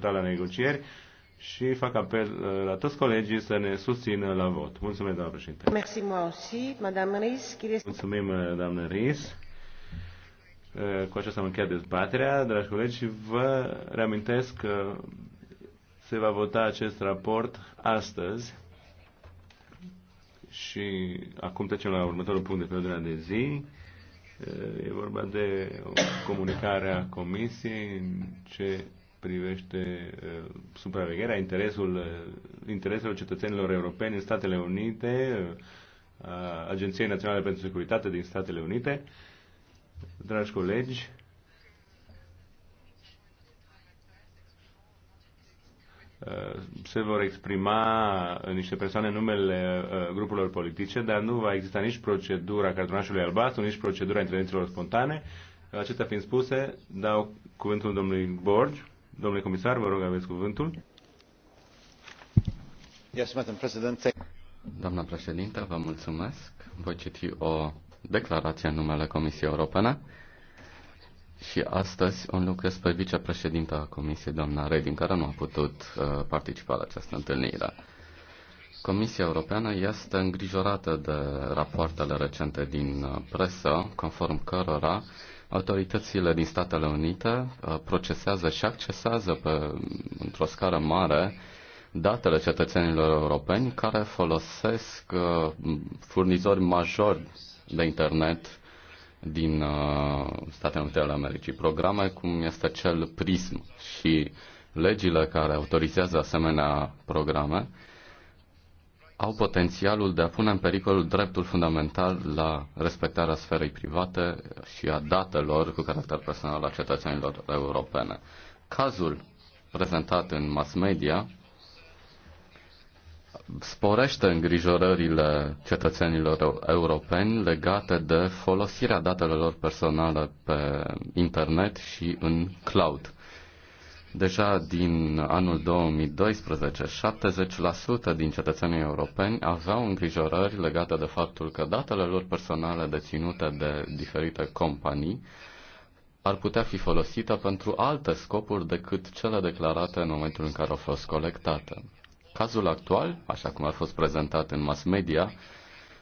discutat la negocieri și fac apel uh, la toți colegii să ne susțină la vot. Mulțumesc, doamnă președinte. Merci moi aussi, madame Ries. Mulțumim, uh, doamnă Ries. Uh, cu aceasta am încheiat dezbaterea, dragi colegi, și vă reamintesc că se va vota acest raport astăzi. Și acum trecem la următorul punct de pe ordinea de zi. E vorba de comunicarea Comisiei în ce privește uh, supravegherea interesul, uh, cetățenilor europeni în Statele Unite, uh, Agenției Naționale pentru Securitate din Statele Unite. Dragi colegi, uh, se vor exprima uh, niște persoane în numele uh, grupurilor politice, dar nu va exista nici procedura cartonașului albastru, nici procedura intervențiilor spontane. Acestea fiind spuse, dau cuvântul domnului Borgi. Domnule comisar, vă rog, aveți cuvântul. Yes, Madam President. Doamna președintă, vă mulțumesc. Voi citi o declarație în numele Comisiei Europene și astăzi un lucru spre vicepreședinta Comisiei, doamna Redin, care nu a putut uh, participa la această întâlnire. Comisia Europeană este îngrijorată de rapoartele recente din uh, presă, conform cărora Autoritățile din Statele Unite uh, procesează și accesează pe, într-o scară mare datele cetățenilor europeni care folosesc uh, furnizori majori de internet din uh, Statele Unite ale Americii, programe cum este cel PRISM și legile care autorizează asemenea programe au potențialul de a pune în pericol dreptul fundamental la respectarea sferei private și a datelor cu caracter personal a cetățenilor europene. Cazul prezentat în mass media sporește îngrijorările cetățenilor europeni legate de folosirea datelor personale pe internet și în cloud. Deja din anul 2012, 70% din cetățenii europeni aveau îngrijorări legate de faptul că datele lor personale deținute de diferite companii ar putea fi folosite pentru alte scopuri decât cele declarate în momentul în care au fost colectate. Cazul actual, așa cum a fost prezentat în mass media,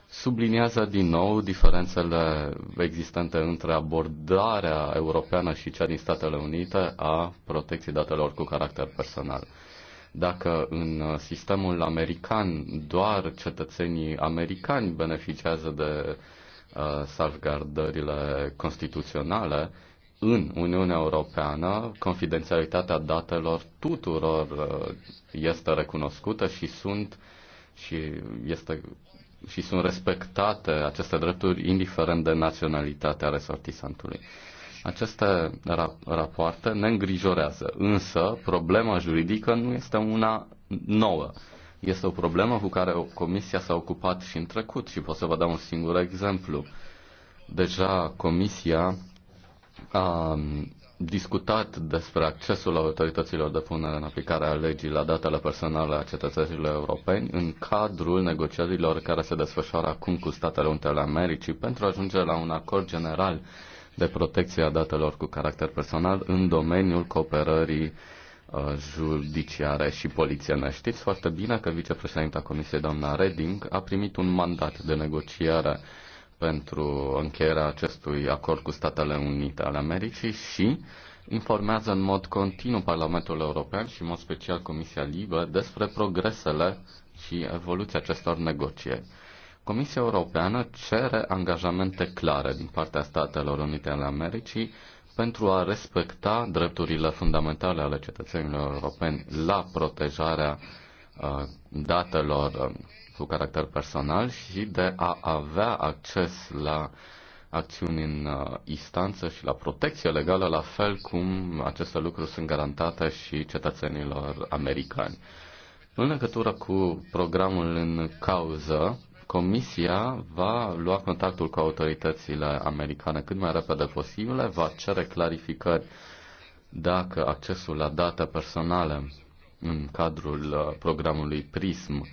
subliniază din nou diferențele existente între abordarea europeană și cea din Statele Unite a protecției datelor cu caracter personal. Dacă în sistemul american doar cetățenii americani beneficiază de uh, salvgardările constituționale, în Uniunea Europeană confidențialitatea datelor tuturor uh, este recunoscută și sunt și este și sunt respectate aceste drepturi indiferent de naționalitatea resortisantului. Aceste ra- rapoarte ne îngrijorează, însă problema juridică nu este una nouă. Este o problemă cu care Comisia s-a ocupat și în trecut și pot să vă dau un singur exemplu. Deja Comisia a discutat despre accesul autorităților de punere în aplicare a legii la datele personale a cetățenilor europeni în cadrul negocierilor care se desfășoară acum cu Statele Unite ale Americii pentru a ajunge la un acord general de protecție a datelor cu caracter personal în domeniul cooperării uh, judiciare și polițiene. Știți foarte bine că vicepreședinta Comisiei, doamna Reding, a primit un mandat de negociere pentru încheierea acestui acord cu Statele Unite ale Americii și informează în mod continuu Parlamentul European și în mod special Comisia Libă despre progresele și evoluția acestor negocieri. Comisia Europeană cere angajamente clare din partea Statelor Unite ale Americii pentru a respecta drepturile fundamentale ale cetățenilor europeni la protejarea Uh, datelor uh, cu caracter personal și de a avea acces la acțiuni în uh, instanță și la protecție legală, la fel cum aceste lucruri sunt garantate și cetățenilor americani. În legătură cu programul în cauză, Comisia va lua contactul cu autoritățile americane cât mai repede posibil, va cere clarificări dacă accesul la date personale în cadrul uh, programului PRISM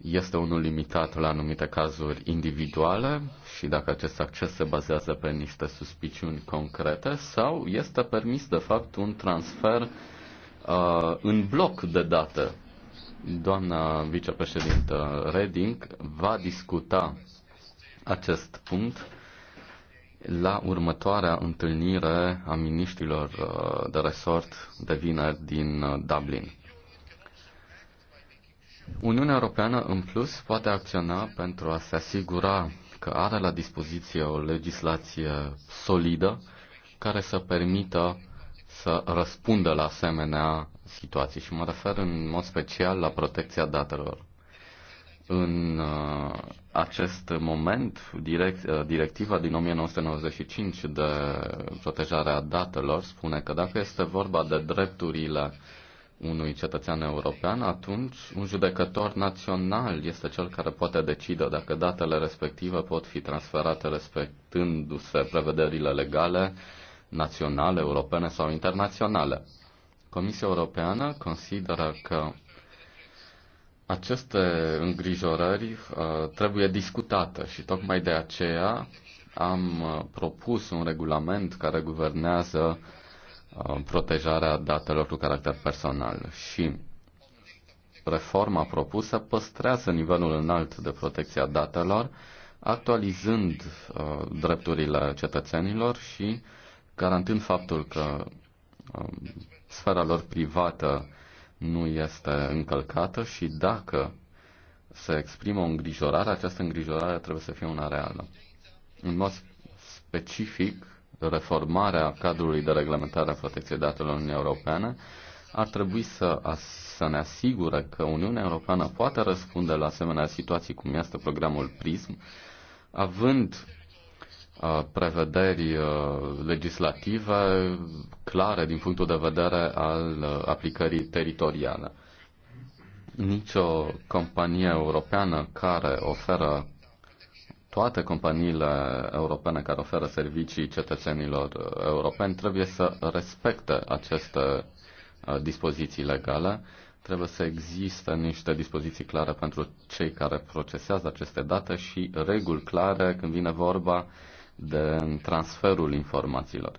este unul limitat la anumite cazuri individuale și dacă acest acces se bazează pe niște suspiciuni concrete sau este permis de fapt un transfer uh, în bloc de date. Doamna vicepreședintă Reding va discuta acest punct la următoarea întâlnire a miniștrilor uh, de resort de vineri din uh, Dublin. Uniunea Europeană, în plus, poate acționa pentru a se asigura că are la dispoziție o legislație solidă care să permită să răspundă la asemenea situații și mă refer în mod special la protecția datelor. În uh, acest moment, direct, uh, directiva din 1995 de protejare a datelor spune că dacă este vorba de drepturile uh, unui cetățean european, atunci un judecător național este cel care poate decide dacă datele respective pot fi transferate respectându-se prevederile legale naționale, europene sau internaționale. Comisia Europeană consideră că aceste îngrijorări uh, trebuie discutate și tocmai de aceea am uh, propus un regulament care guvernează uh, Uh, protejarea datelor cu caracter personal și reforma propusă păstrează nivelul înalt de protecție a datelor, actualizând uh, drepturile cetățenilor și garantând faptul că uh, sfera lor privată nu este încălcată și dacă se exprimă o îngrijorare, această îngrijorare trebuie să fie una reală. În mod specific, reformarea cadrului de reglementare a protecției datelor în Uniunea Europeană ar trebui să, să ne asigure că Uniunea Europeană poate răspunde la asemenea situații cum este programul PRISM, având uh, prevederi uh, legislative clare din punctul de vedere al uh, aplicării teritoriale. Nicio companie europeană care oferă toate companiile europene care oferă servicii cetățenilor europeni trebuie să respecte aceste uh, dispoziții legale. Trebuie să existe niște dispoziții clare pentru cei care procesează aceste date și reguli clare când vine vorba de transferul informațiilor.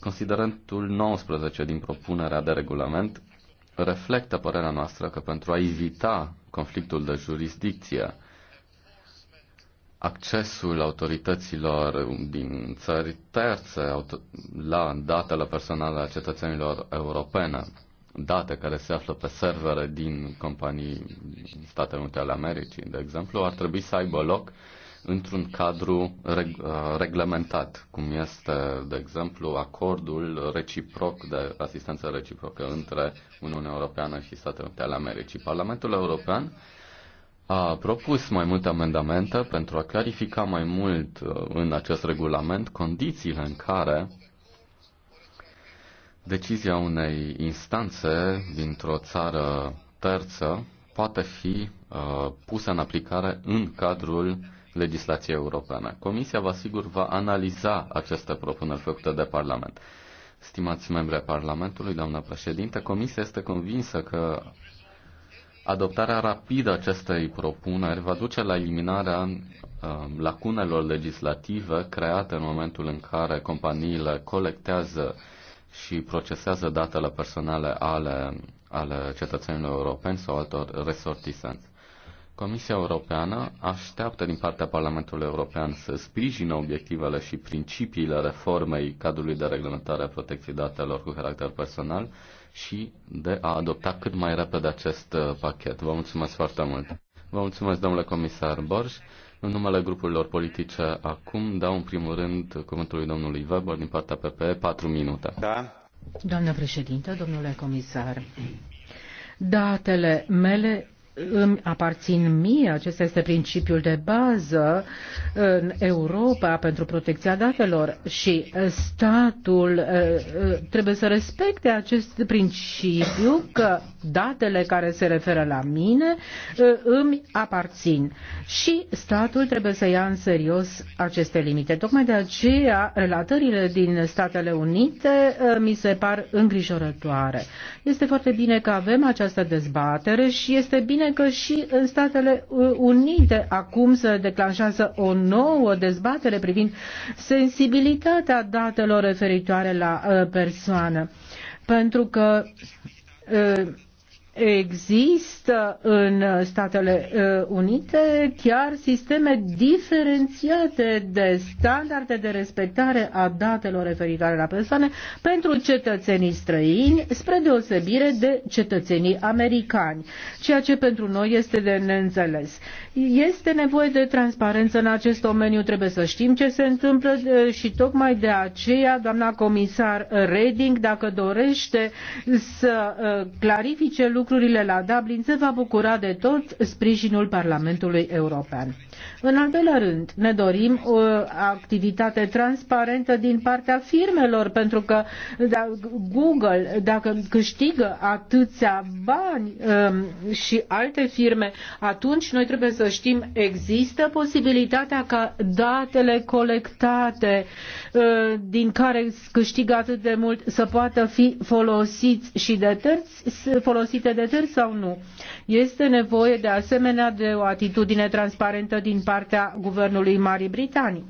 Considerentul 19 din propunerea de regulament reflectă părerea noastră că pentru a evita conflictul de jurisdicție accesul autorităților din țări terțe la datele personale a cetățenilor europene, date care se află pe servere din companii Statele Unite ale Americii, de exemplu, ar trebui să aibă loc într-un cadru reg- uh, reglementat, cum este, de exemplu, acordul reciproc de asistență reciprocă între Uniunea Europeană și Statele Unite ale Americii. Parlamentul European a propus mai multe amendamente pentru a clarifica mai mult uh, în acest regulament condițiile în care decizia unei instanțe dintr-o țară terță poate fi uh, pusă în aplicare în cadrul legislației europene. Comisia, vă asigur, va analiza aceste propuneri făcute de Parlament. Stimați membri ai Parlamentului, doamna președinte, Comisia este convinsă că Adoptarea rapidă a acestei propuneri va duce la eliminarea um, lacunelor legislative create în momentul în care companiile colectează și procesează datele personale ale, ale cetățenilor europeni sau altor resortisenți. Comisia Europeană așteaptă din partea Parlamentului European să sprijină obiectivele și principiile reformei cadrului de reglementare a protecției datelor cu caracter personal și de a adopta cât mai repede acest uh, pachet. Vă mulțumesc foarte mult. Vă mulțumesc, domnule comisar Borș. În numele grupurilor politice, acum dau în primul rând cuvântul lui domnului Weber din partea PPE, 4 minute. Da. Doamnă președintă, domnule comisar, datele mele îmi aparțin mie, acesta este principiul de bază în Europa pentru protecția datelor și statul uh, uh, trebuie să respecte acest principiu că datele care se referă la mine uh, îmi aparțin și statul trebuie să ia în serios aceste limite. Tocmai de aceea relatările din Statele Unite mi se par îngrijorătoare. Este foarte bine că avem această dezbatere și este bine bine că și în Statele Unite acum se declanșează o nouă dezbatere privind sensibilitatea datelor referitoare la uh, persoană. Pentru că uh, Există în Statele uh, Unite chiar sisteme diferențiate de standarde de respectare a datelor referitoare la persoane pentru cetățenii străini, spre deosebire de cetățenii americani, ceea ce pentru noi este de neînțeles. Este nevoie de transparență în acest domeniu, trebuie să știm ce se întâmplă uh, și tocmai de aceea, doamna comisar Reding, dacă dorește să uh, clarifice lucrurile, lucrurile la Dublin, se va bucura de tot sprijinul Parlamentului European. În al doilea rând, ne dorim o uh, activitate transparentă din partea firmelor, pentru că Google, dacă câștigă atâția bani um, și alte firme, atunci noi trebuie să știm, există posibilitatea ca datele colectate uh, din care câștigă atât de mult să poată fi folosiți și de terți, folosite de terți sau nu. Este nevoie de asemenea de o atitudine transparentă din partea guvernului Marii Britanii.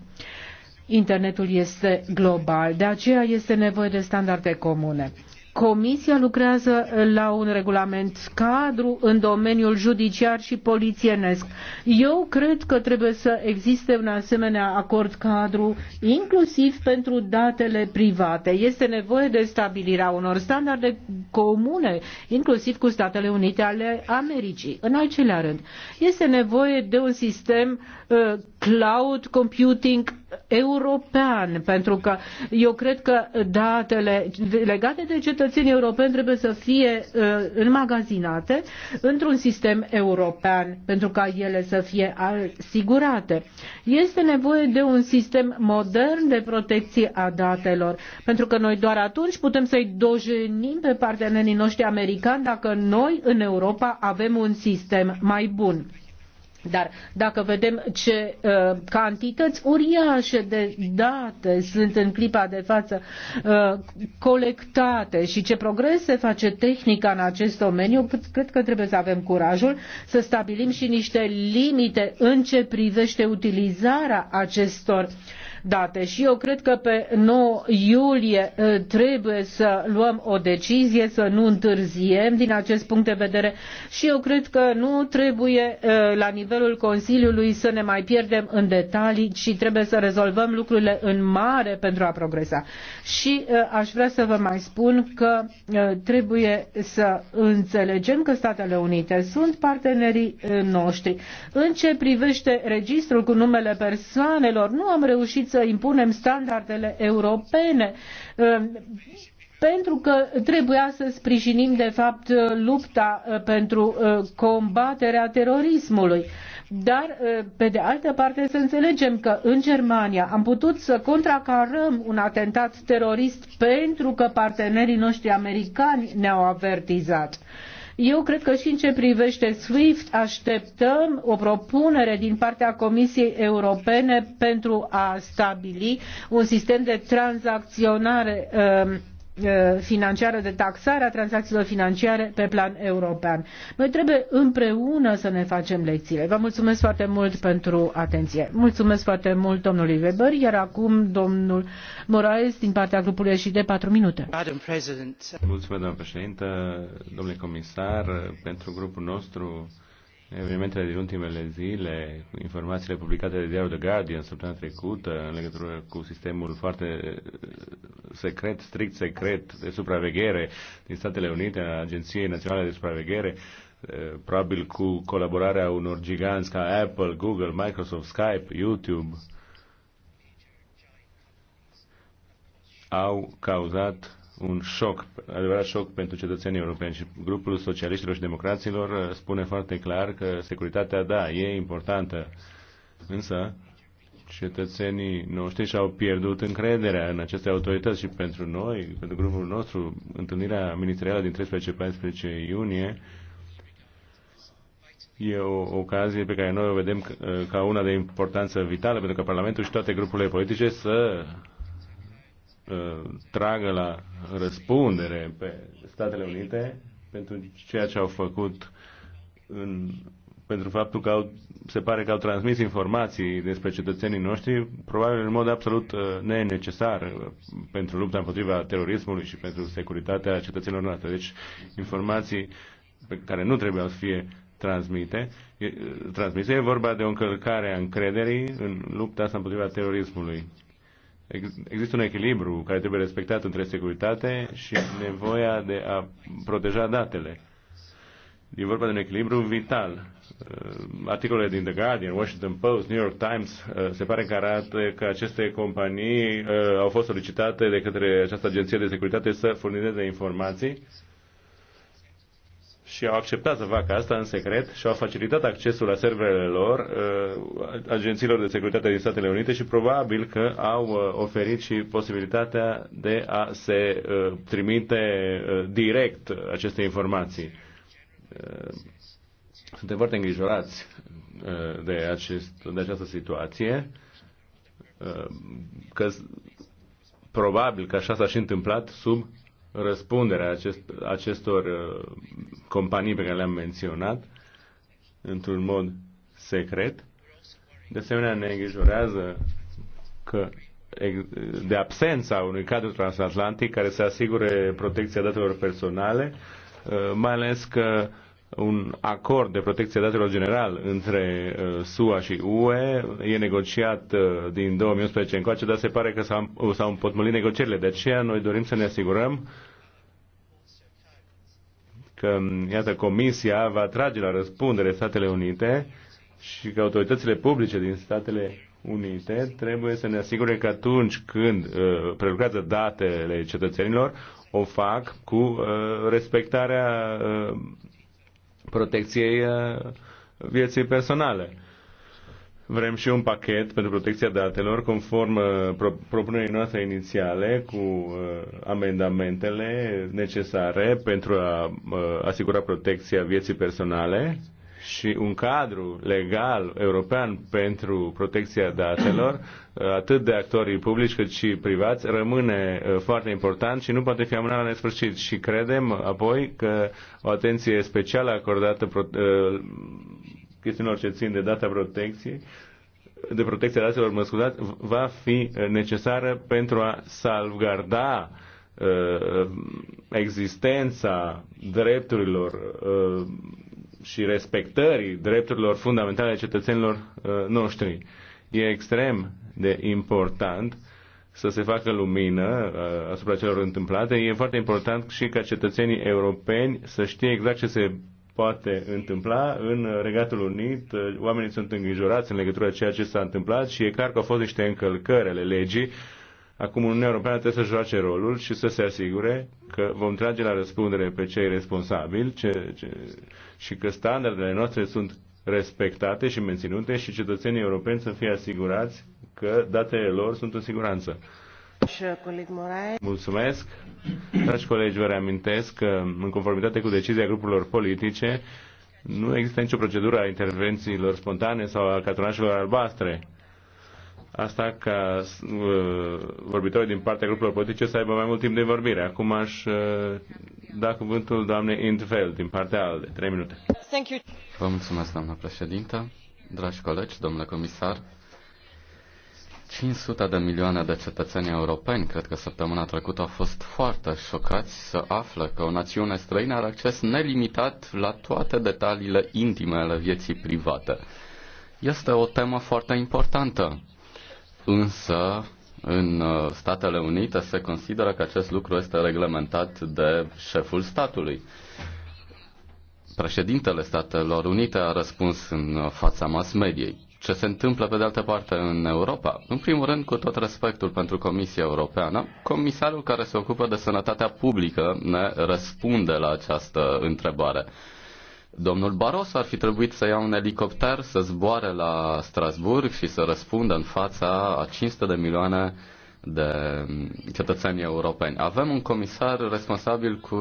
Internetul este global, de aceea este nevoie de standarde comune. Comisia lucrează la un regulament cadru în domeniul judiciar și polițienesc. Eu cred că trebuie să existe un asemenea acord cadru, inclusiv pentru datele private. Este nevoie de stabilirea unor standarde comune, inclusiv cu Statele Unite ale Americii. În al rând, este nevoie de un sistem uh, cloud computing european, pentru că eu cred că datele legate de cetățenii europeni trebuie să fie uh, înmagazinate într-un sistem european pentru ca ele să fie asigurate. Este nevoie de un sistem modern de protecție a datelor, pentru că noi doar atunci putem să-i dojenim pe partenerii noștri americani dacă noi în Europa avem un sistem mai bun. Dar dacă vedem ce uh, cantități uriașe de date sunt în clipa de față uh, colectate și ce progrese face tehnica în acest domeniu, cred că trebuie să avem curajul să stabilim și niște limite în ce privește utilizarea acestor uh, date. Și eu cred că pe 9 iulie ă, trebuie să luăm o decizie, să nu întârziem din acest punct de vedere și eu cred că nu trebuie ă, la nivelul Consiliului să ne mai pierdem în detalii, ci trebuie să rezolvăm lucrurile în mare pentru a progresa. Și ă, aș vrea să vă mai spun că trebuie să înțelegem că Statele Unite sunt partenerii noștri. În ce privește registrul cu numele persoanelor, nu am reușit să impunem standardele europene um, pentru că trebuia să sprijinim, de fapt, lupta uh, pentru uh, combaterea terorismului. Dar, uh, pe de altă parte, să înțelegem că în Germania am putut să contracarăm un atentat terorist pentru că partenerii noștri americani ne-au avertizat. Eu cred că și în ce privește SWIFT așteptăm o propunere din partea Comisiei Europene pentru a stabili un sistem de tranzacționare uh, Uh, financiară, de taxare a tranzacțiilor financiare pe plan european. Noi trebuie împreună să ne facem lecțiile. Vă mulțumesc foarte mult pentru atenție. Mulțumesc foarte mult domnului Weber, iar acum domnul Moraes din partea grupului și de 4 minute. Mulțumesc, doamnă președintă, domnule comisar, pentru grupul nostru evenimentele din ultimele zile, informațiile publicate de ziarul The Guardian săptămâna trecută în legătură cu sistemul foarte uh, secret, strict secret de supraveghere din Statele Unite, a Agenției Naționale de Supraveghere, uh, probabil cu colaborarea unor giganți ca Apple, Google, Microsoft, Skype, YouTube, au cauzat un șoc, adevărat șoc pentru cetățenii europeni și grupul socialiștilor și democraților uh, spune foarte clar că securitatea, da, e importantă, însă cetățenii noștri și-au pierdut încrederea în aceste autorități și pentru noi, pentru grupul nostru, întâlnirea ministerială din 13-14 iunie e o ocazie pe care noi o vedem uh, ca una de importanță vitală pentru că Parlamentul și toate grupurile politice să Uh, tragă la răspundere pe Statele Unite pentru ceea ce au făcut în, pentru faptul că au, se pare că au transmis informații despre cetățenii noștri, probabil în mod absolut uh, nenecesar uh, pentru lupta împotriva terorismului și pentru securitatea cetățenilor noastre. Deci informații pe care nu trebuiau să fie transmite, transmise. E vorba de o încălcare a încrederii în lupta asta împotriva terorismului există un echilibru care trebuie respectat între securitate și nevoia de a proteja datele. E vorba de un echilibru vital. Uh, articolele din The Guardian, Washington Post, New York Times uh, se pare că arată că aceste companii uh, au fost solicitate de către această agenție de securitate să furnizeze informații și au acceptat să facă asta în secret și au facilitat accesul la serverele lor uh, agențiilor de securitate din Statele Unite și probabil că au uh, oferit și posibilitatea de a se uh, trimite direct aceste informații. Suntem foarte îngrijorați de, acest, de această situație, că probabil că așa s-a și întâmplat sub răspunderea acest, acestor uh, companii pe care le-am menționat într-un mod secret. De asemenea, ne îngrijorează că de absența unui cadru transatlantic care să asigure protecția datelor personale, uh, mai ales că un acord de protecție datelor general între uh, SUA și UE e negociat uh, din 2011 încoace, dar se pare că s-au împotmolit negocierile. De aceea noi dorim să ne asigurăm că, iată, Comisia va trage la răspundere Statele Unite și că autoritățile publice din Statele Unite trebuie să ne asigure că atunci când uh, prelucrează datele cetățenilor, o fac cu uh, respectarea uh, protecției uh, vieții personale. Vrem și un pachet pentru protecția datelor conform uh, pro, propunerii noastre inițiale cu uh, amendamentele necesare pentru a uh, asigura protecția vieții personale și un cadru legal european pentru protecția datelor, atât de actorii publici cât și privați, rămâne uh, foarte important și nu poate fi amânat la nesfârșit. Și credem apoi că o atenție specială acordată uh, chestiunilor ce țin de data protecției, de protecția datelor, mă scuzați, va fi uh, necesară pentru a salvgarda existența drepturilor și respectării drepturilor fundamentale ale cetățenilor uh, noștri. E extrem de important să se facă lumină uh, asupra celor întâmplate. E foarte important și ca cetățenii europeni să știe exact ce se poate întâmpla. În Regatul Unit uh, oamenii sunt îngrijorați în legătură cu ceea ce s-a întâmplat și e clar că au fost niște încălcări ale legii. Acum Uniunea Europeană trebuie să joace rolul și să se asigure că vom trage la răspundere pe cei responsabili, ce, ce, și că standardele noastre sunt respectate și menținute și cetățenii europeni să fie asigurați că datele lor sunt în siguranță. Uh, Mulțumesc. Dragi colegi, vă reamintesc că în conformitate cu decizia grupurilor politice nu există nicio procedură a intervențiilor spontane sau a cartonașelor albastre asta ca uh, vorbitorii din partea grupurilor politice să aibă mai mult timp de vorbire. Acum aș uh, da cuvântul doamnei Intveld din partea ALDE. Trei minute. Thank you. Vă mulțumesc, doamna președintă, dragi colegi, domnule comisar. 500 de milioane de cetățeni europeni, cred că săptămâna trecută, au fost foarte șocați să află că o națiune străină are acces nelimitat la toate detaliile intime ale vieții private. Este o temă foarte importantă însă în uh, Statele Unite se consideră că acest lucru este reglementat de șeful statului. Președintele Statelor Unite a răspuns în uh, fața mass mediei. Ce se întâmplă pe de altă parte în Europa? În primul rând, cu tot respectul pentru Comisia Europeană, comisarul care se ocupă de sănătatea publică ne răspunde la această întrebare. Domnul Baros ar fi trebuit să ia un elicopter, să zboare la Strasburg și să răspundă în fața a 500 de milioane de cetățeni europeni. Avem un comisar responsabil cu,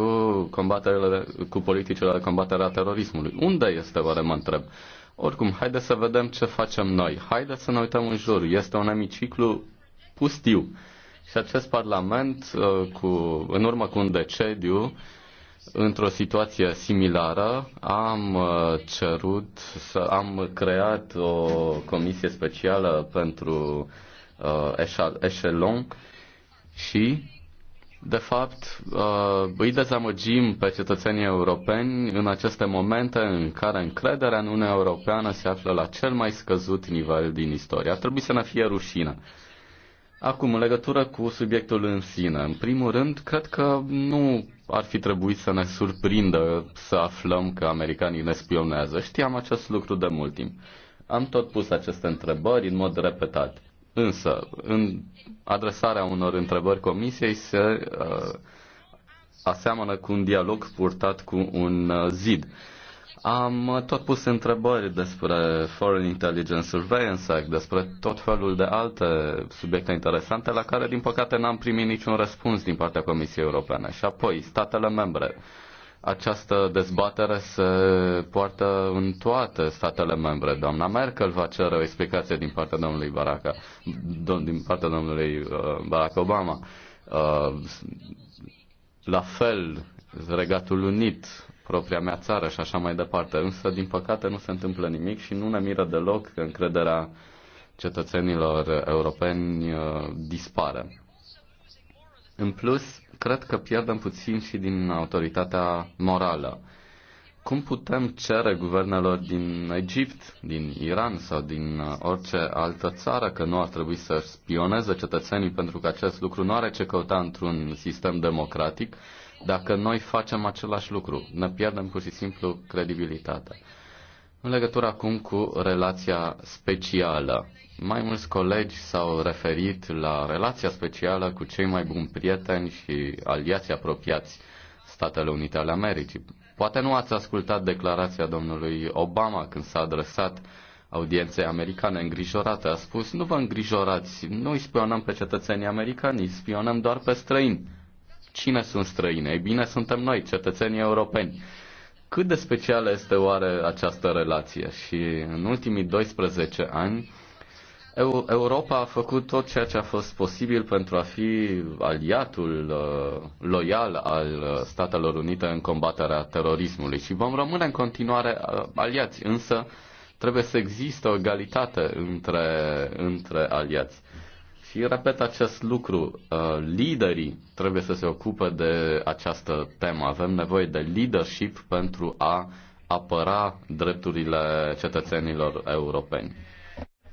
cu politicile de combatere a terorismului. Unde este, oare mă întreb? Oricum, haideți să vedem ce facem noi. Haideți să ne uităm în jur. Este un emiciclu pustiu. Și acest parlament, uh, cu, în urmă cu un decediu, Într-o situație similară am uh, cerut să am creat o comisie specială pentru uh, eșelon și de fapt, uh, îi dezamăgim pe cetățenii europeni în aceste momente în care încrederea în Uniunea Europeană se află la cel mai scăzut nivel din istorie. Ar trebui să ne fie rușină. Acum, în legătură cu subiectul în sine, în primul rând, cred că nu ar fi trebuit să ne surprindă să aflăm că americanii ne spionează. Știam acest lucru de mult timp. Am tot pus aceste întrebări în mod repetat. Însă, în adresarea unor întrebări comisiei se uh, aseamănă cu un dialog purtat cu un uh, zid. Uh, am uh, tot pus întrebări despre Foreign Intelligence Surveillance Act, despre tot felul de alte subiecte interesante la care, din păcate, n-am primit niciun răspuns din partea Comisiei Europene. Și apoi, statele membre. Această dezbatere se poartă în toate statele membre. Doamna Merkel va cere o explicație din partea domnului Barack, din partea domnului uh, Barack Obama. Uh, la fel, Regatul Unit propria mea țară și așa mai departe. Însă, din păcate, nu se întâmplă nimic și nu ne miră deloc că încrederea cetățenilor europeni uh, dispare. În plus, cred că pierdem puțin și din autoritatea morală. Cum putem cere guvernelor din Egipt, din Iran sau din uh, orice altă țară că nu ar trebui să spioneze cetățenii pentru că acest lucru nu are ce căuta într-un sistem democratic, dacă noi facem același lucru. Ne pierdem pur și simplu credibilitatea. În legătură acum cu relația specială, mai mulți colegi s-au referit la relația specială cu cei mai buni prieteni și aliați apropiați, Statele Unite ale Americii. Poate nu ați ascultat declarația domnului Obama când s-a adresat audienței americane îngrijorate. A spus, nu vă îngrijorați, nu spionăm pe cetățenii americani, spionăm doar pe străini. Cine sunt străinii? Ei bine, suntem noi, cetățenii europeni. Cât de specială este oare această relație? Și în ultimii 12 ani, Europa a făcut tot ceea ce a fost posibil pentru a fi aliatul uh, loial al uh, Statelor Unite în combaterea terorismului și vom rămâne în continuare uh, aliați, însă trebuie să existe o egalitate între, între aliați. Și repet acest lucru, uh, liderii trebuie să se ocupe de această temă. Avem nevoie de leadership pentru a apăra drepturile cetățenilor europeni.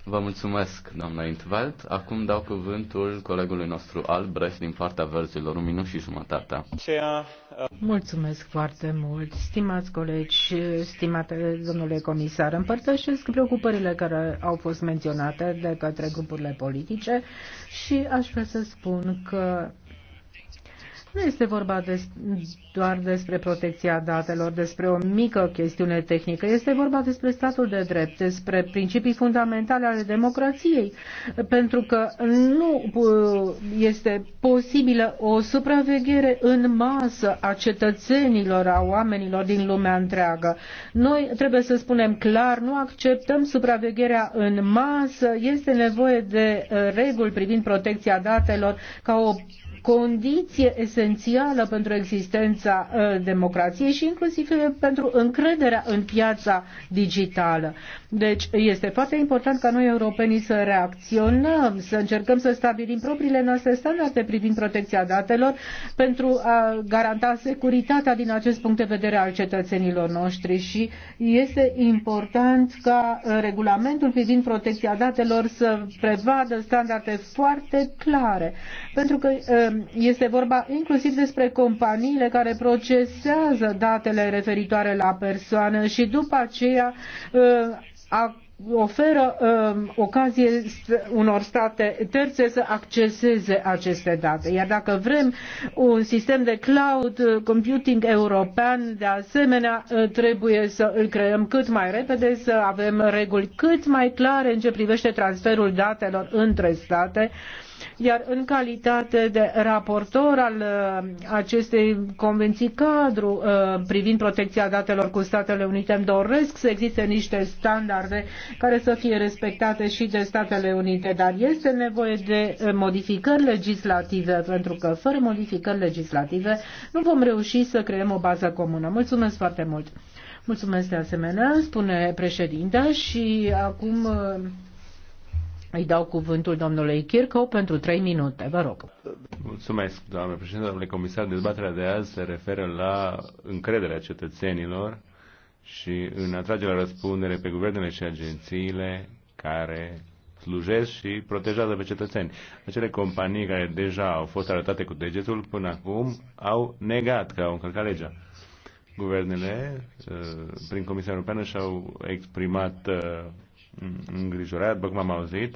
Vă mulțumesc, doamna Intveld. Acum dau cuvântul colegului nostru Albrecht din partea verzilor, un minut și jumătatea. Uh, mulțumesc foarte mult, stimați colegi, stimate domnule comisar. Împărtășesc preocupările care au fost menționate de către grupurile politice și aș vrea să spun că nu este vorba de doar despre protecția datelor, despre o mică chestiune tehnică. Este vorba despre statul de drept, despre principii fundamentale ale democrației, pentru că nu uh, este posibilă o supraveghere în masă a cetățenilor, a oamenilor din lumea întreagă. Noi trebuie să spunem clar, nu acceptăm supravegherea în masă, este nevoie de uh, reguli privind protecția datelor ca o condiție esențială pentru existența uh, democrației și inclusiv uh, pentru încrederea în piața digitală. Deci este foarte important ca noi europenii să reacționăm, să încercăm să stabilim propriile noastre standarde privind protecția datelor pentru a garanta securitatea din acest punct de vedere al cetățenilor noștri și este important ca uh, regulamentul privind protecția datelor să prevadă standarde foarte clare, pentru că este vorba inclusiv despre companiile care procesează datele referitoare la persoană și după aceea uh, oferă uh, ocazie unor state terțe să acceseze aceste date. Iar dacă vrem un sistem de cloud uh, computing european, de asemenea, trebuie să îl creăm cât mai repede, să avem reguli cât mai clare în ce privește transferul datelor între state iar în calitate de raportor al uh, acestei convenții cadru uh, privind protecția datelor cu Statele Unite, îmi doresc să existe niște standarde care să fie respectate și de Statele Unite, dar este nevoie de uh, modificări legislative, pentru că fără modificări legislative nu vom reuși să creăm o bază comună. Mulțumesc foarte mult! Mulțumesc de asemenea, spune președinta și acum îi dau cuvântul domnului Chirco pentru trei minute, vă rog. Mulțumesc, doamne președinte, domnule comisar. Dezbaterea de azi se referă la încrederea cetățenilor și în atragerea răspundere pe guvernele și agențiile care slujesc și protejează pe cetățeni. Acele companii care deja au fost arătate cu degetul până acum au negat că au încălcat legea. Guvernele, uh, prin Comisia Europeană, și-au exprimat uh, îngrijorat, după cum am auzit,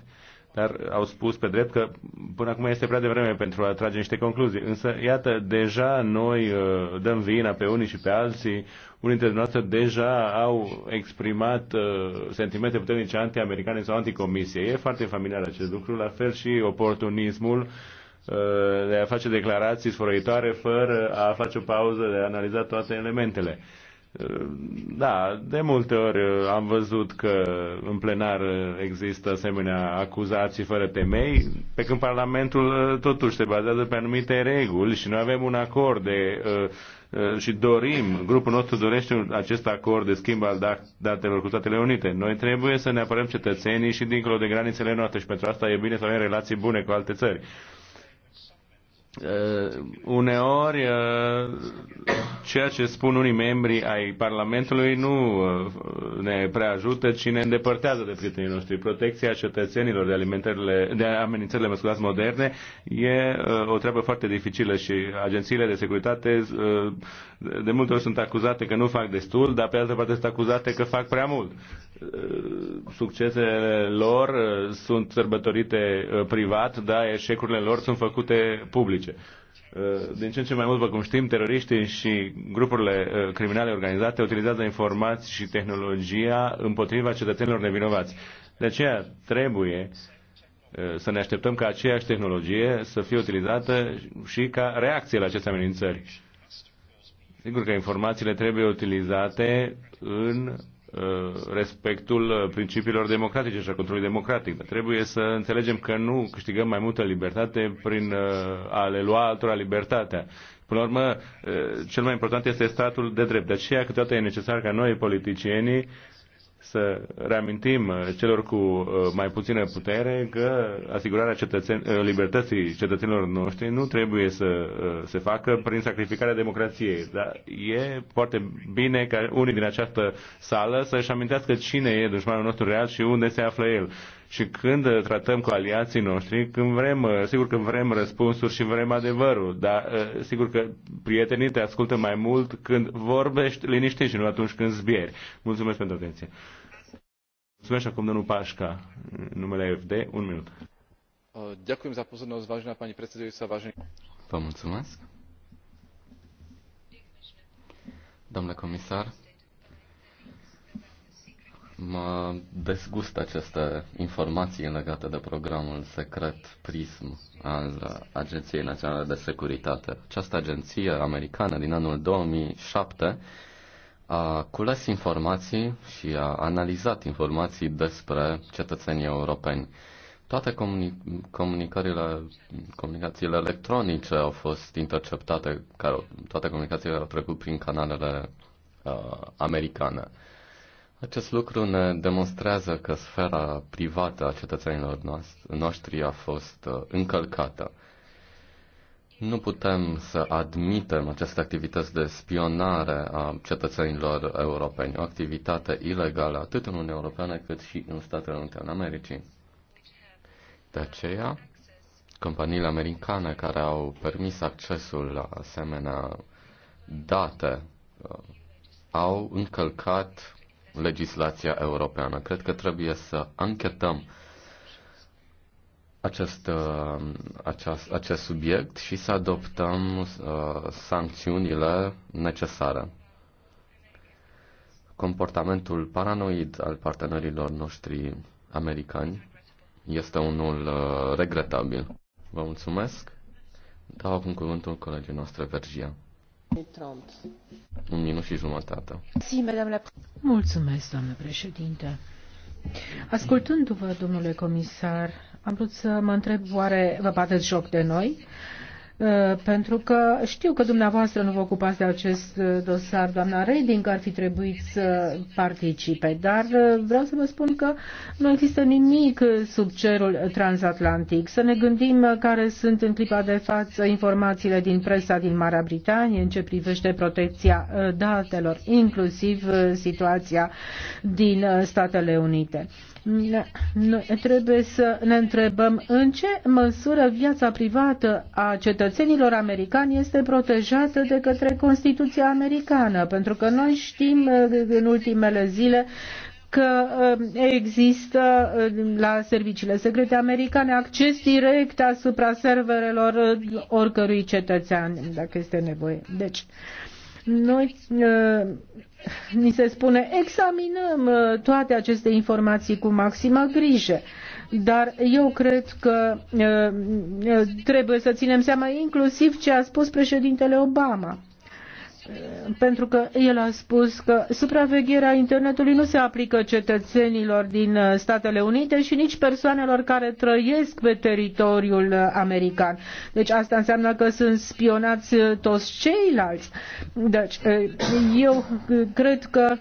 dar au spus pe drept că până acum este prea devreme pentru a trage niște concluzii. Însă, iată, deja noi uh, dăm vina pe unii și pe alții. Unii dintre noastre deja au exprimat uh, sentimente puternice anti-americane sau anticomisie. E foarte familiar acest lucru, la fel și oportunismul uh, de a face declarații sfărăitoare fără a face o pauză de a analiza toate elementele. Da, de multe ori uh, am văzut că în plenar există asemenea acuzații fără temei, pe când Parlamentul uh, totuși se bazează pe anumite reguli și noi avem un acord de uh, și dorim, grupul nostru dorește acest acord de schimb al datelor cu Statele Unite. Noi trebuie să ne apărăm cetățenii și dincolo de granițele noastre și pentru asta e bine să avem relații bune cu alte țări. Uh, uneori, uh, ceea ce spun unii membri ai Parlamentului nu uh, ne prea ajută, ci ne îndepărtează de prietenii noștri. Protecția cetățenilor de, alimentările, de amenințările măsculați moderne e uh, o treabă foarte dificilă și agențiile de securitate uh, de multe ori sunt acuzate că nu fac destul, dar pe altă parte sunt acuzate că fac prea mult succesele lor uh, sunt sărbătorite uh, privat, dar eșecurile lor sunt făcute publice. Uh, din ce în ce mai mult, vă cum știm, teroriștii și grupurile criminale organizate utilizează informații și tehnologia împotriva cetățenilor nevinovați. De aceea trebuie să ne așteptăm ca aceeași tehnologie să fie utilizată și ca reacție la aceste amenințări. Sigur că informațiile trebuie utilizate în Uh, respectul uh, principiilor democratice și a controlului democratic. Dar trebuie să înțelegem că nu câștigăm mai multă libertate prin uh, a le lua altora libertatea. Până la urmă, cel mai important este statul de drept. De aceea, câteodată e necesar ca noi, politicienii, să reamintim uh, celor cu uh, mai puțină putere că asigurarea cetățen, uh, libertății cetățenilor noștri nu trebuie să se facă prin sacrificarea democrației. Dar e foarte bine ca unii din această sală să-și amintească cine e dușmanul nostru real și unde se află el și când uh, tratăm cu aliații noștri, când vrem, uh, sigur că vrem răspunsuri și vrem adevărul, dar uh, sigur că prietenii te ascultă mai mult când vorbești liniștit și nu atunci când zbieri. Mulțumesc pentru atenție. Mulțumesc acum domnul Pașca, numele FD, un minut. Ďakujem za pozornosť, vážená pani predsedajúca, vážený... Vă mulțumesc. Domnule comisar, Mă dezgust această informație legată de programul secret PRISM al Agenției Naționale de Securitate. Această agenție americană din anul 2007 a cules informații și a analizat informații despre cetățenii europeni. Toate comuni- comunicările, comunicațiile electronice au fost interceptate, care, toate comunicațiile au trecut prin canalele uh, americane. Acest lucru ne demonstrează că sfera privată a cetățenilor noștri a fost uh, încălcată. Nu putem să admitem aceste activități de spionare a cetățenilor europeni, o activitate ilegală atât în Uniunea Europeană cât și în Statele Unite ale Americii. De aceea, companiile americane care au permis accesul la asemenea date uh, au încălcat legislația europeană. Cred că trebuie să anchetăm acest, uh, acest, acest subiect și să adoptăm uh, sancțiunile necesare. Comportamentul paranoid al partenerilor noștri americani este unul uh, regretabil. Vă mulțumesc. Dau acum cuvântul colegii noastre, Vergia. Un minut și jumătate. Mulțumesc, doamnă președinte. Ascultându-vă, domnule comisar, am vrut să mă întreb, oare vă bateți joc de noi? Uh, pentru că știu că dumneavoastră nu vă ocupați de acest uh, dosar, doamna Reding ar fi trebuit să participe, dar uh, vreau să vă spun că nu există nimic sub cerul transatlantic. Să ne gândim care sunt în clipa de față informațiile din presa din Marea Britanie în ce privește protecția datelor, inclusiv situația din Statele Unite. Noi trebuie să ne întrebăm în ce măsură viața privată a cetățenilor americani este protejată de către Constituția americană, pentru că noi știm uh, în ultimele zile că uh, există uh, la serviciile secrete americane acces direct asupra serverelor oricărui cetățean, dacă este nevoie. Deci, noi ni se spune examinăm uh, toate aceste informații cu maximă grijă, dar eu cred că uh, uh, trebuie să ținem seama inclusiv ce a spus președintele Obama pentru că el a spus că supravegherea internetului nu se aplică cetățenilor din uh, Statele Unite și nici persoanelor care trăiesc pe teritoriul uh, american. Deci asta înseamnă că sunt spionați uh, toți ceilalți. Deci eu cred că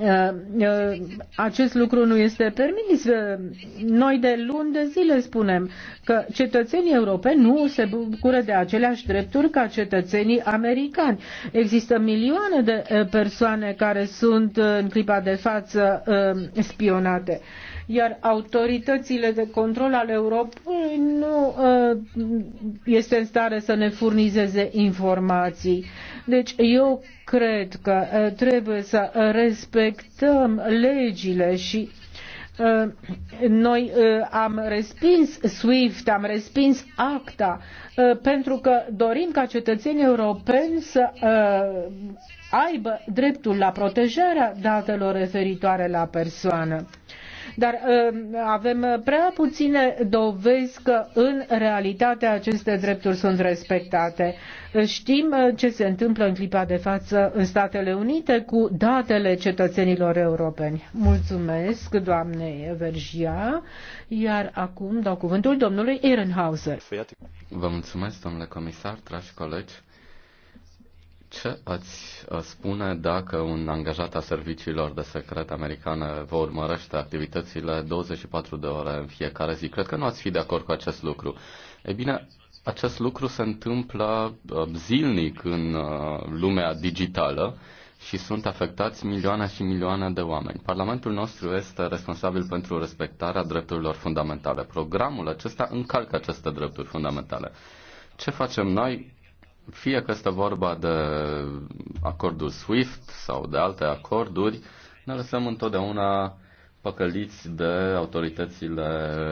Uh, uh, acest lucru nu este permis. Uh, noi de luni de zile spunem că cetățenii europeni nu se bucură de aceleași drepturi ca cetățenii americani. Există milioane de persoane care sunt în clipa de față spionate iar autoritățile de control ale Europei nu este în stare să ne furnizeze informații. Deci eu cred că uh, trebuie să respectăm legile și uh, noi uh, am respins SWIFT, am respins ACTA, pentru că dorim ca cetățenii europeni să aibă dreptul la protejarea datelor referitoare la persoană dar um, avem prea puține dovezi că în realitate aceste drepturi sunt respectate. Știm uh, ce se întâmplă în clipa de față în Statele Unite cu datele cetățenilor europeni. Mulțumesc, doamnei Vergia, iar acum dau cuvântul domnului Ehrenhauser. Vă mulțumesc, domnule comisar, dragi colegi. Ce ați uh, spune dacă un angajat a serviciilor de secret americane vă urmărește activitățile 24 de ore în fiecare zi? Cred că nu ați fi de acord cu acest lucru. E bine, acest lucru se întâmplă uh, zilnic în uh, lumea digitală și sunt afectați milioane și milioane de oameni. Parlamentul nostru este responsabil pentru respectarea drepturilor fundamentale. Programul acesta încalcă aceste drepturi fundamentale. Ce facem noi fie că este vorba de acordul SWIFT sau de alte acorduri, ne lăsăm întotdeauna păcăliți de autoritățile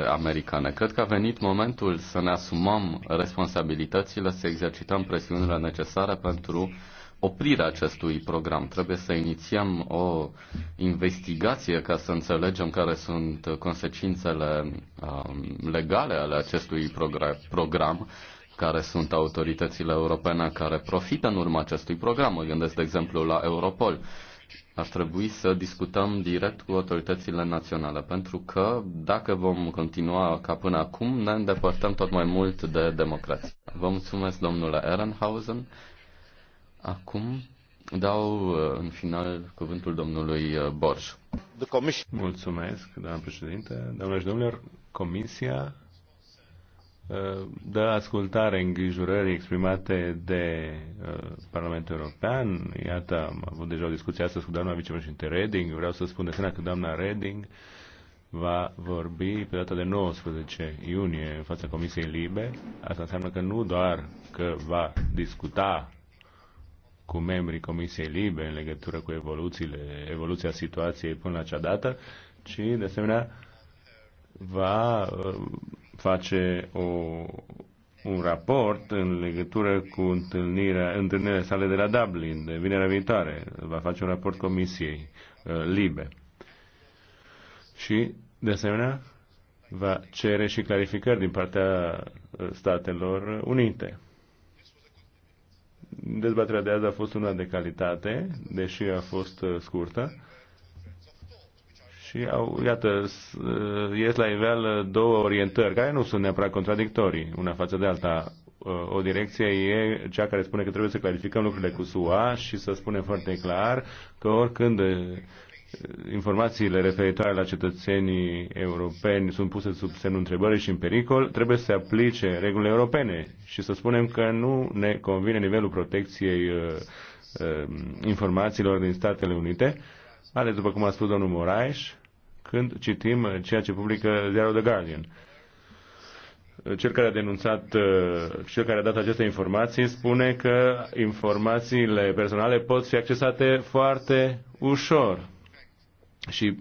americane. Cred că a venit momentul să ne asumăm responsabilitățile, să exercităm presiunile necesare pentru oprirea acestui program. Trebuie să inițiem o investigație ca să înțelegem care sunt consecințele um, legale ale acestui program care sunt autoritățile europene care profită în urma acestui program. Mă gândesc, de exemplu, la Europol. Ar trebui să discutăm direct cu autoritățile naționale, pentru că dacă vom continua ca până acum, ne îndepărtăm tot mai mult de democrație. Vă mulțumesc, domnule Ehrenhausen. Acum dau uh, în final cuvântul domnului uh, Borș. Mulțumesc, doamnă președinte. Domnule și domnilor, Comisia dă ascultare îngrijorării exprimate de uh, Parlamentul European. Iată, am avut deja o discuție astăzi cu doamna vicepreședinte Reding. Vreau să spun de că doamna Reding va vorbi pe data de 19 iunie în fața Comisiei Libe. Asta înseamnă că nu doar că va discuta cu membrii Comisiei Libe în legătură cu evoluțiile, evoluția situației până la acea dată, ci, de asemenea, va uh, face o, un raport în legătură cu întâlnirea, întâlnirea sale de la Dublin, de vinerea viitoare. Va face un raport comisiei uh, libe. Și, de asemenea, va cere și clarificări din partea uh, Statelor Unite. Dezbaterea de azi a fost una de calitate, deși a fost uh, scurtă. Și au, iată, uh, ies la nivel două orientări, care nu sunt neapărat contradictorii una față de alta. Uh, o direcție e cea care spune că trebuie să clarificăm lucrurile cu SUA și să spunem foarte clar că oricând uh, informațiile referitoare la cetățenii europeni sunt puse sub semnul întrebării și în pericol, trebuie să se aplice regulile europene și să spunem că nu ne convine nivelul protecției informațiilor din Statele Unite, ales după cum a spus domnul Moraes, când citim ceea ce publică ziarul The Guardian. Cel care a denunțat, uh, cel care a dat aceste informații spune că informațiile personale pot fi accesate foarte ușor și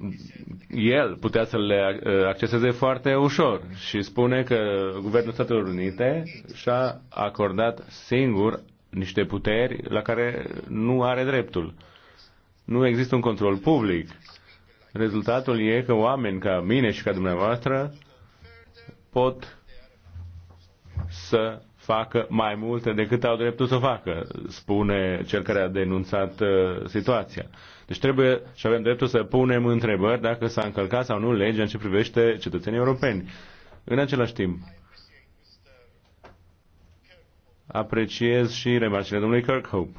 el putea să le uh, acceseze foarte ușor și spune că Guvernul Statelor Unite și-a acordat singur niște puteri la care nu are dreptul. Nu există un control public Rezultatul e că oameni ca mine și ca dumneavoastră pot să facă mai multe decât au dreptul să facă, spune cel care a denunțat uh, situația. Deci trebuie și avem dreptul să punem întrebări dacă s-a încălcat sau nu legea în ce privește cetățenii europeni. În același timp, apreciez și remarcile domnului Kirkhope.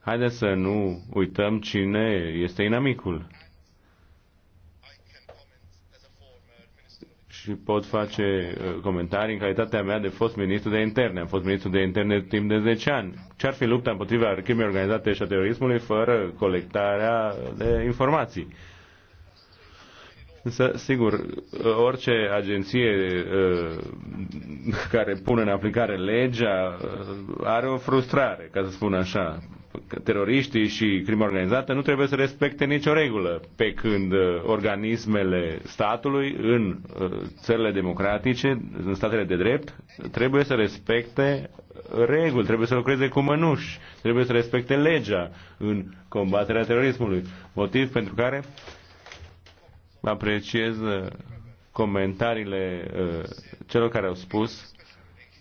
Haideți să nu uităm cine este inamicul. și pot face uh, comentarii în calitatea mea de fost ministru de interne. Am fost ministru de interne timp de 10 ani. Ce-ar fi lupta împotriva crimei organizate și a terorismului fără colectarea de informații? Însă, sigur, orice agenție uh, care pune în aplicare legea uh, are o frustrare, ca să spun așa teroriștii și crima organizată nu trebuie să respecte nicio regulă, pe când uh, organismele statului în uh, țările democratice, în statele de drept, trebuie să respecte reguli, trebuie să lucreze cu mănuși, trebuie să respecte legea în combaterea terorismului. Motiv pentru care apreciez uh, comentariile celor care au spus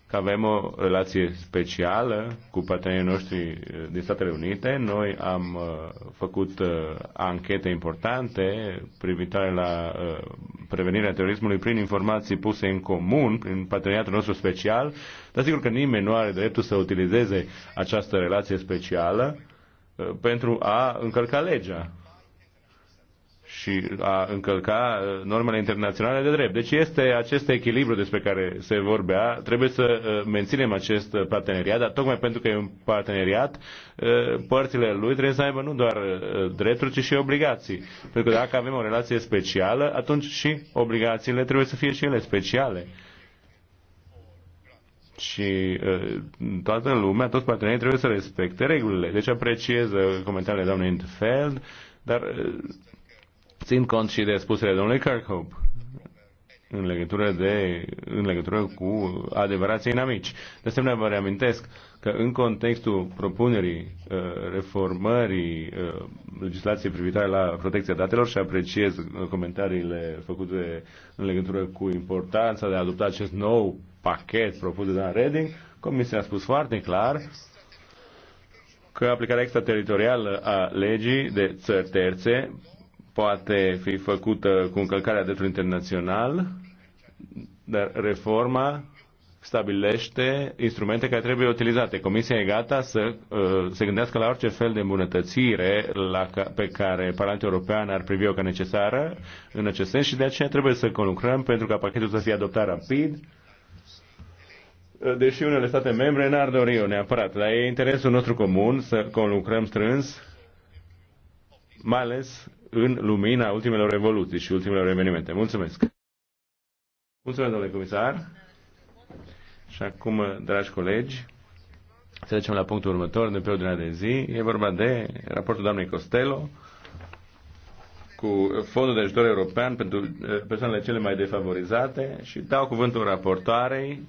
că avem o relație specială cu partenerii noștri eh, din Statele Unite. Noi am eh, făcut eh, anchete importante privitoare la prevenirea terorismului prin informații puse în comun, prin parteneriatul nostru special, dar sigur că nimeni nu are dreptul să utilizeze această relație specială pentru a încălca legea și a încălca uh, normele internaționale de drept. Deci este acest echilibru despre care se vorbea. Trebuie să uh, menținem acest uh, parteneriat, dar tocmai pentru că e un parteneriat, părțile lui trebuie să aibă nu doar drepturi, ci și obligații. Pentru că dacă avem o relație specială, atunci și obligațiile trebuie să fie și ele speciale și uh, toată lumea, toți partenerii trebuie să respecte regulile. Deci apreciez uh, comentariile doamnei Intfeld, dar uh, țin cont și de spusele domnului Kirkhope în legătură, de, în legătură cu adevărații inamici. De asemenea, vă reamintesc că în contextul propunerii uh, reformării uh, legislației privitoare la protecția datelor și apreciez uh, comentariile făcute în legătură cu importanța de a adopta acest nou pachet propus de Dan Reding, Comisia a spus foarte clar că aplicarea extrateritorială a legii de țări terțe poate fi făcută cu încălcarea dreptului internațional, dar reforma stabilește instrumente care trebuie utilizate. Comisia e gata să uh, se gândească la orice fel de îmbunătățire la ca, pe care Parlamentul European ar privi-o ca necesară în acest sens și de aceea trebuie să conlucrăm pentru ca pachetul să fie adoptat rapid, uh, deși unele state membre n-ar dori eu neapărat. Dar e interesul nostru comun să conlucrăm strâns, mai ales în lumina ultimelor evoluții și ultimelor evenimente. Mulțumesc! Mulțumesc, domnule comisar! Și acum, dragi colegi, să trecem la punctul următor de pe ordinea de zi. E vorba de raportul doamnei Costello cu Fondul de Ajutor European pentru eh, persoanele cele mai defavorizate și dau cuvântul raportoarei.